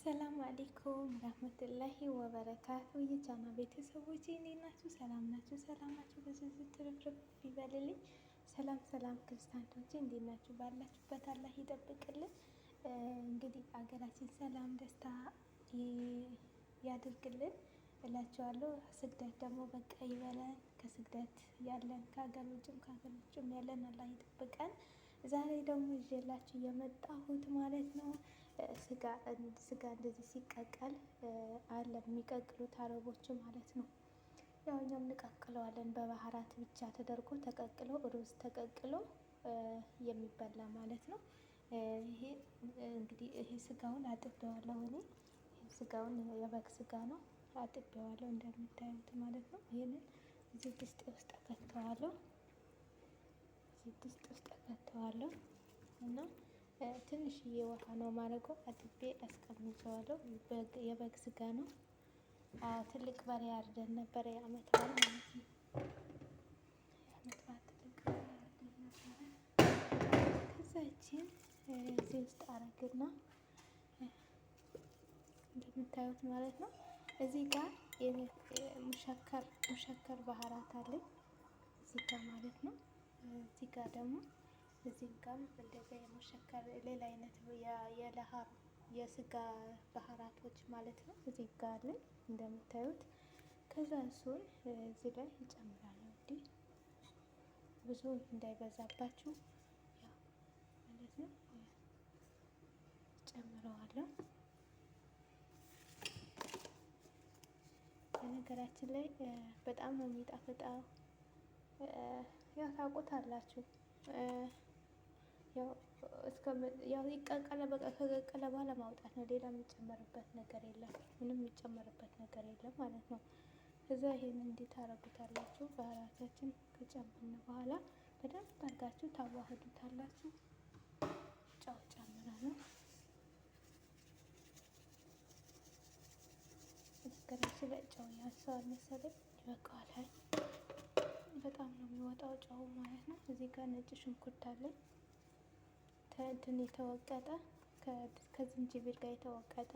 አሰላሙ አሌይኩም ራህመቱላሂ ወበረካቱ የቻና ቤተሰቦች እንዴት ናችሁ? ሰላም ናችሁ? ሰላማችሁ በስብስብ ትርፍርፍ ይበልልኝ። ሰላም ሰላም ክርስቲያኖች እንዴት ናችሁ? ባላችሁበት አላህ ይጠብቅልን። እንግዲህ አገራችን ሰላም፣ ደስታ ያድርግልን እላችኋለሁ። ስግደት ደግሞ በቃ ይበለን። ከስግደት ያለን ከሀገር ውጭም ከሀገር ውጭም ያለን አላህ ይጠብቀን። ዛሬ ደግሞ ይዤላችሁ የመጣሁት ማለት ነው ስጋ ስጋ እንደዚህ ሲቀቀል አለ የሚቀቅሉት አረቦች ማለት ነው። ያው እኛም እንቀቅለዋለን በባህራት ብቻ ተደርጎ ተቀቅሎ ሩዝ ተቀቅሎ የሚበላ ማለት ነው። ይሄ እንግዲህ ይሄ ስጋውን አጥቤዋለሁ እኔ ስጋውን የበግ ስጋ ነው አጥቤዋለሁ እንደምታዩት ማለት ነው። ይህንን እዚህ ድስት ውስጥ ከተዋለሁ እዚህ ድስት ውስጥ ከተዋለሁ እና ትንሽዬ ውሃ ነው ማረገው። አጥቤ አስቀምጨዋለሁ። የበግ ስጋ ነው። ትልቅ በሬ አርደን ነበረ የአመት በዓል ማለት ነው። የአመት እዚህ ውስጥ አረግና እንደምታዩት ማለት ነው። እዚህ ጋር ሙሸከር ባህራት አለኝ እዚህ ጋር ማለት ነው። እዚህ ጋር ደግሞ እዚህም ጋም እንደዚያ የሙሸከር ሌላ አይነት የለሀር የስጋ ባህራቶች ማለት ነው። እዚህ ጋር ላይ እንደምታዩት ከዛ እሱን እዚህ ላይ ይጨምራል። እንግዲህ ብዙ እንዳይበዛባችሁ ማለት ነው ጨምረዋለሁ። በነገራችን ላይ በጣም ነው የሚጣፍጠው። ያው ታውቁታላችሁ ያው ይቀቀለ በቃ ከቀቀለ በኋላ ማውጣት ነው። ሌላ የሚጨመርበት ነገር የለም። ምንም የሚጨመርበት ነገር የለም ማለት ነው። እዛ ይሄን እንዴት ታረጉታላችሁ? ባህራታችን ከጨመርን በኋላ በደንብ አድርጋችሁ ታዋህዱታላችሁ። ጨው ጨምራለሁ። ነገራችሁ ላይ ጨው ያንሰዋል መሰለኝ። ይበቃዋል። በጣም ነው የሚወጣው ጨው ማለት ነው። እዚህ ጋር ነጭ ሽንኩርት አለኝ። ከእንትን የተወቀጠ ከዝንጅብል ጋር የተወቀጠ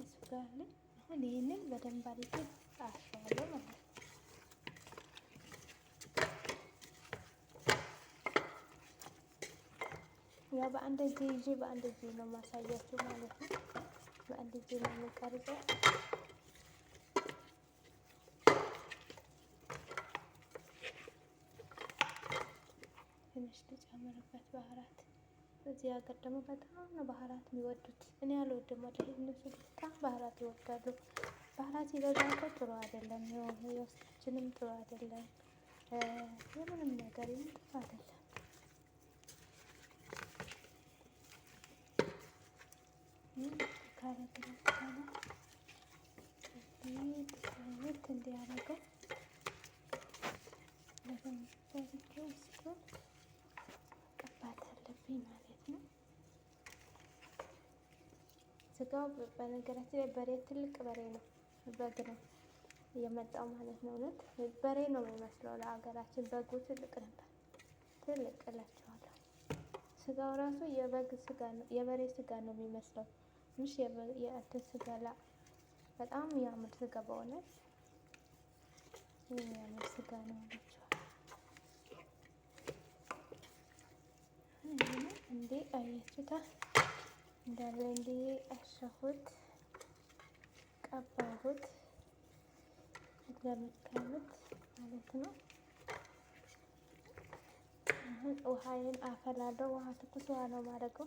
እሱ ጋር አለ። አሁን ይህንን በደንብ አድርጌ ጣሸዋለሁ ማለት ነው። ያው በአንድ እጄ ይዤ በአንድ እጄ ነው ማሳያችሁ ማለት ነው። በአንድ እጄ ነው የምቀርጸው። ትንሽ ልጨምርበት ባህራት እዚህ ሀገር ደግሞ በጣም ነው ባህላት የሚወዱት። እኔ አልወድም፣ ወደ እነሱ በጣም ባህላት ይወዳሉ። ባህላት ሲበዛባቸው ጥሩ አይደለም፣ የውስጣችንም ጥሩ አይደለም፣ የምንም ነገር ጥሩ አይደለም። ቀባት አለብኝ ማለት ነው። ስጋው በነገራችን ላይ በሬ ትልቅ በሬ ነው፣ በግ ነው የመጣው ማለት ነው። እውነት በሬ ነው የሚመስለው ለሀገራችን። በጉ ትልቅ ነበር፣ ትልቅ እላችኋለሁ። ስጋው ራሱ የበግ ስጋ ነው፣ የበሬ ስጋ ነው የሚመስለው። ትንሽ የእንትን ስጋ ላ በጣም የሚያምር ስጋ በእውነት የሚያምር ስጋ ነው እላችኋለሁ። እንዴ አያችሁታ እንዳለ እንዲህ አሸሁት፣ ቀባሁት እንደምታዩት ማለት ነው። አሁን ውሃዬን አፈላለው። ውሃ ትኩስ ውሃ ነው ማድረገው።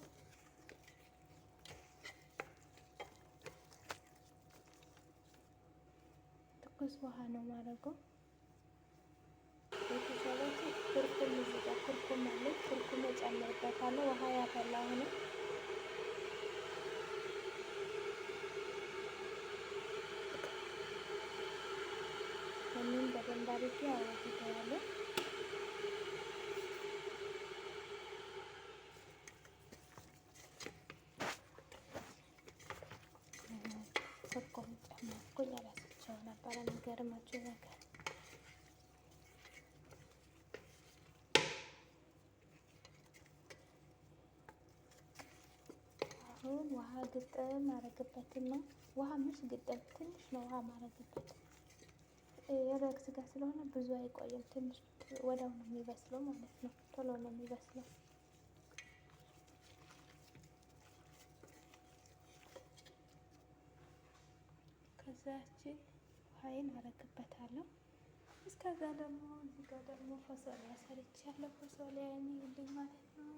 ትኩስ ውሃ ነው ማድረገው። ቤተሰቦች ኩርኩም እዚህ ኩርኩም አለች። ኩርኩም እጨምርበታለሁ። ውሃ ያፈላ ሆነ አድርጌ አረጋግጠዋለሁ። ኮኮም ጨመርኩኝ። እራሳቸው ነበረ የሚገርማችሁ ነገር አሁን ውሃ ግጥም አረግበትና ውሃ ምሽ ግጥም ትንሽ ነው ውሃ ማረግበት የበግ ስጋ ስለሆነ ብዙ አይቆይም። ትንሽ ወዲያው ነው የሚበስለው ማለት ነው። ቶሎ ነው የሚበስለው። ከዛችን ውሃዬን አረግበታለሁ። እስከዛ ደግሞ እዚህ ጋ ደግሞ ፎሶሊያ ሰርቻለሁ። ማለት ነው።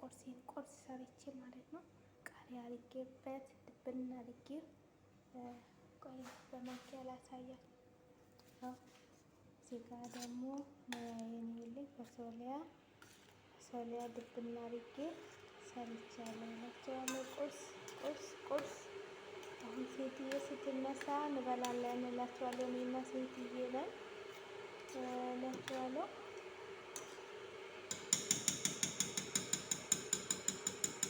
ቁርሴን ቁርስ ሰርቼ ማለት ነው። ቃሪያ አድርጌበት አድርጌ ቆይ በማኪያ ላሳያችሁ። እዚህ ጋ ደግሞ ሙያዬን ይልኝ በሶሊያ ሶሊያ ድብና አድርጌ ሰርቻለሁ። ናቸዋለ ቁርስ ቁርስ ቁርስ አሁን ሴትዬ ስትነሳ እንበላለን እላቸዋለሁ። እኔና ሴትዬ ነን እላቸዋለሁ።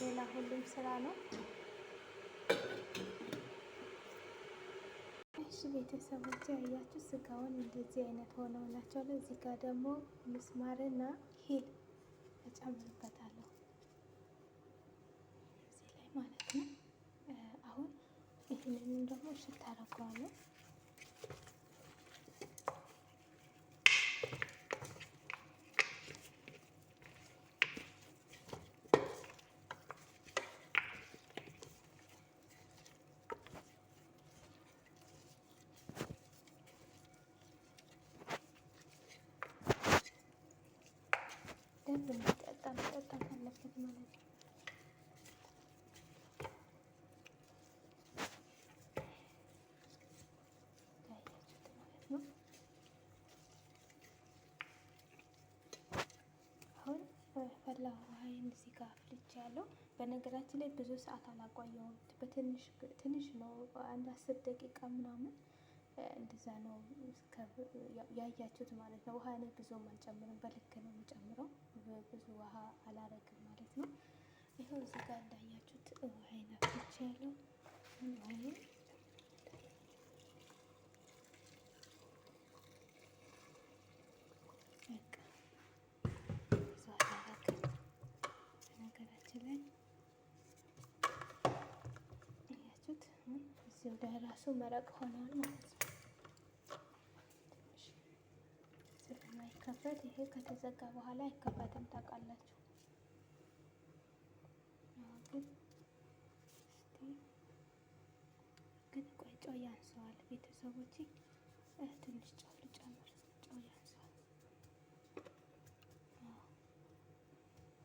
ሌላ ሁሉም ስራ ነው። ቤተሰቦች ያያችሁ ስጋውን እንደዚህ አይነት ሆነውላቸዋል። እዚህ ጋር ደግሞ ምስማርና ሂል እጨምርበታለሁ እዚህ ላይ ማለት ነው። አሁን ይህንንም ደግሞ ሽታ አደርገዋለሁ። በደንብ መጠጣ መጠጣት አለበት ማለት ነው። አሁን በፈላ ውሃ እንደዚህ ጋር አፍልቼ ያለው በነገራችን ላይ ብዙ ሰዓት አላቆየሁም። በትንሽ ነው አንድ አስር ደቂቃ ምናምን እንደዛ ነው ያያችሁት ማለት ነው። ውሃ እኔ ብዙም አልጨምርም፣ በልክ ነው የምጨምረው። ብዙ ውሃ አላረግም ማለት ነው። ይኸው እዚህ ጋር እንዳያችሁት ውሃ ይናፍች ያለው ነገራችን ላይ እያችሁት እዚሁ ላይ ራሱ መረቅ ሆኗል ማለት ነው። ሲከፈት ይሄ ከተዘጋ በኋላ አይከፈትም ታውቃላችሁ። ግን ቆይ ጨው ያንሰዋል ቤተሰቦች፣ ትንሽ ጨው ልጨምር። ጨው ያንሰዋል።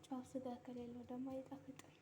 ጨው ስጋ ከሌለው ደግሞ አይጣፍጥም።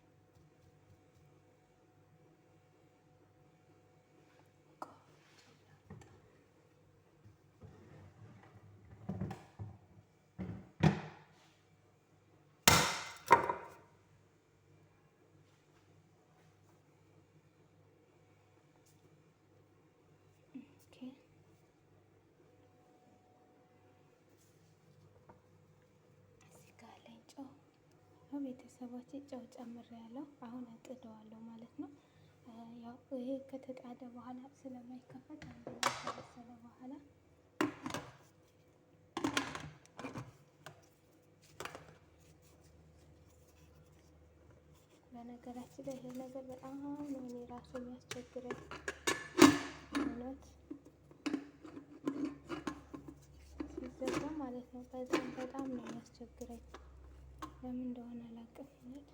ነው ቤተሰቦቼ። ጨው ጨምር ያለው አሁን አጥደዋለሁ ማለት ነው። ያው ይሄ ከተጣደ በኋላ ስለማይከፈት አንደኛ ከበሰለ በኋላ በነገራችን ላይ ይሄ ነገር በጣም እኔ ራሱ የሚያስቸግረኝ እውነት ሲዘጋ ማለት ነው። በጣም በጣም ነው የሚያስቸግረኝ። ለምን እንደሆነ አላውቅም። እውነት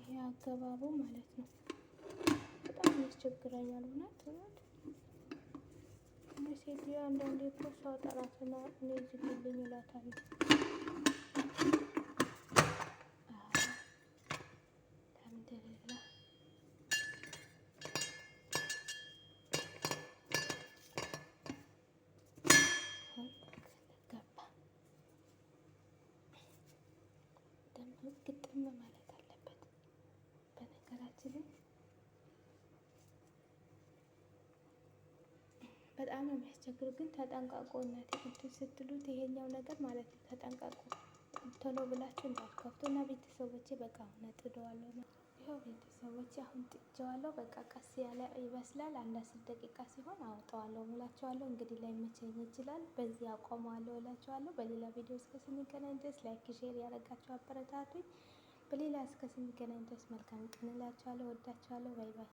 ይሄ አገባቡ ማለት ነው በጣም ያስቸግረኛል። እውነት እውነት ሴትዮ አንዳንዴ እኮ ሰው ጠራትና እኔ ዝግልኝ እላታለሁ። ማለት ግጥም ማለት አለበት። በነገራችን ላይ በጣም ነው የሚያስቸግሩ። ግን ተጠንቃቁ እናቴ ስትሉት ይሄኛው ነገር ማለት ነው ተጠንቃቁ ቶሎ ብላችሁ እንዳትከፍቱ እና ቤተሰቦቼ በቃ አሁን ጥደዋለሁ። ይኸው ቤተሰቦቼ አሁን ጥጀዋለሁ። በቃ ቀስ ያለ ይበስላል። አንድ አስር ደቂቃ ሲሆን አወጣዋለሁ እላችኋለሁ። እንግዲህ ላይ ላይመቸኝ ይችላል። በዚህ አቆመዋለሁ እላችኋለሁ። በሌላ ቪዲዮ እስከ ስንገናኝ ድረስ ላይክ፣ ሼር ያደረጋችሁ አበረታቱኝ። በሌላ እስከ ስንገናኝ ድረስ መልካም ቀን እላችኋለሁ። ወዳችኋለሁ። ባይ ባይ።